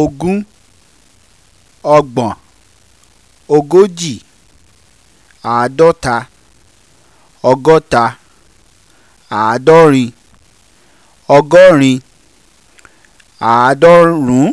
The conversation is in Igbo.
ogún ọgbọ̀n ogójì àádọ́ta ọgọ́ta àádọ́rin ọgọ́rin àádọ́rùn-ún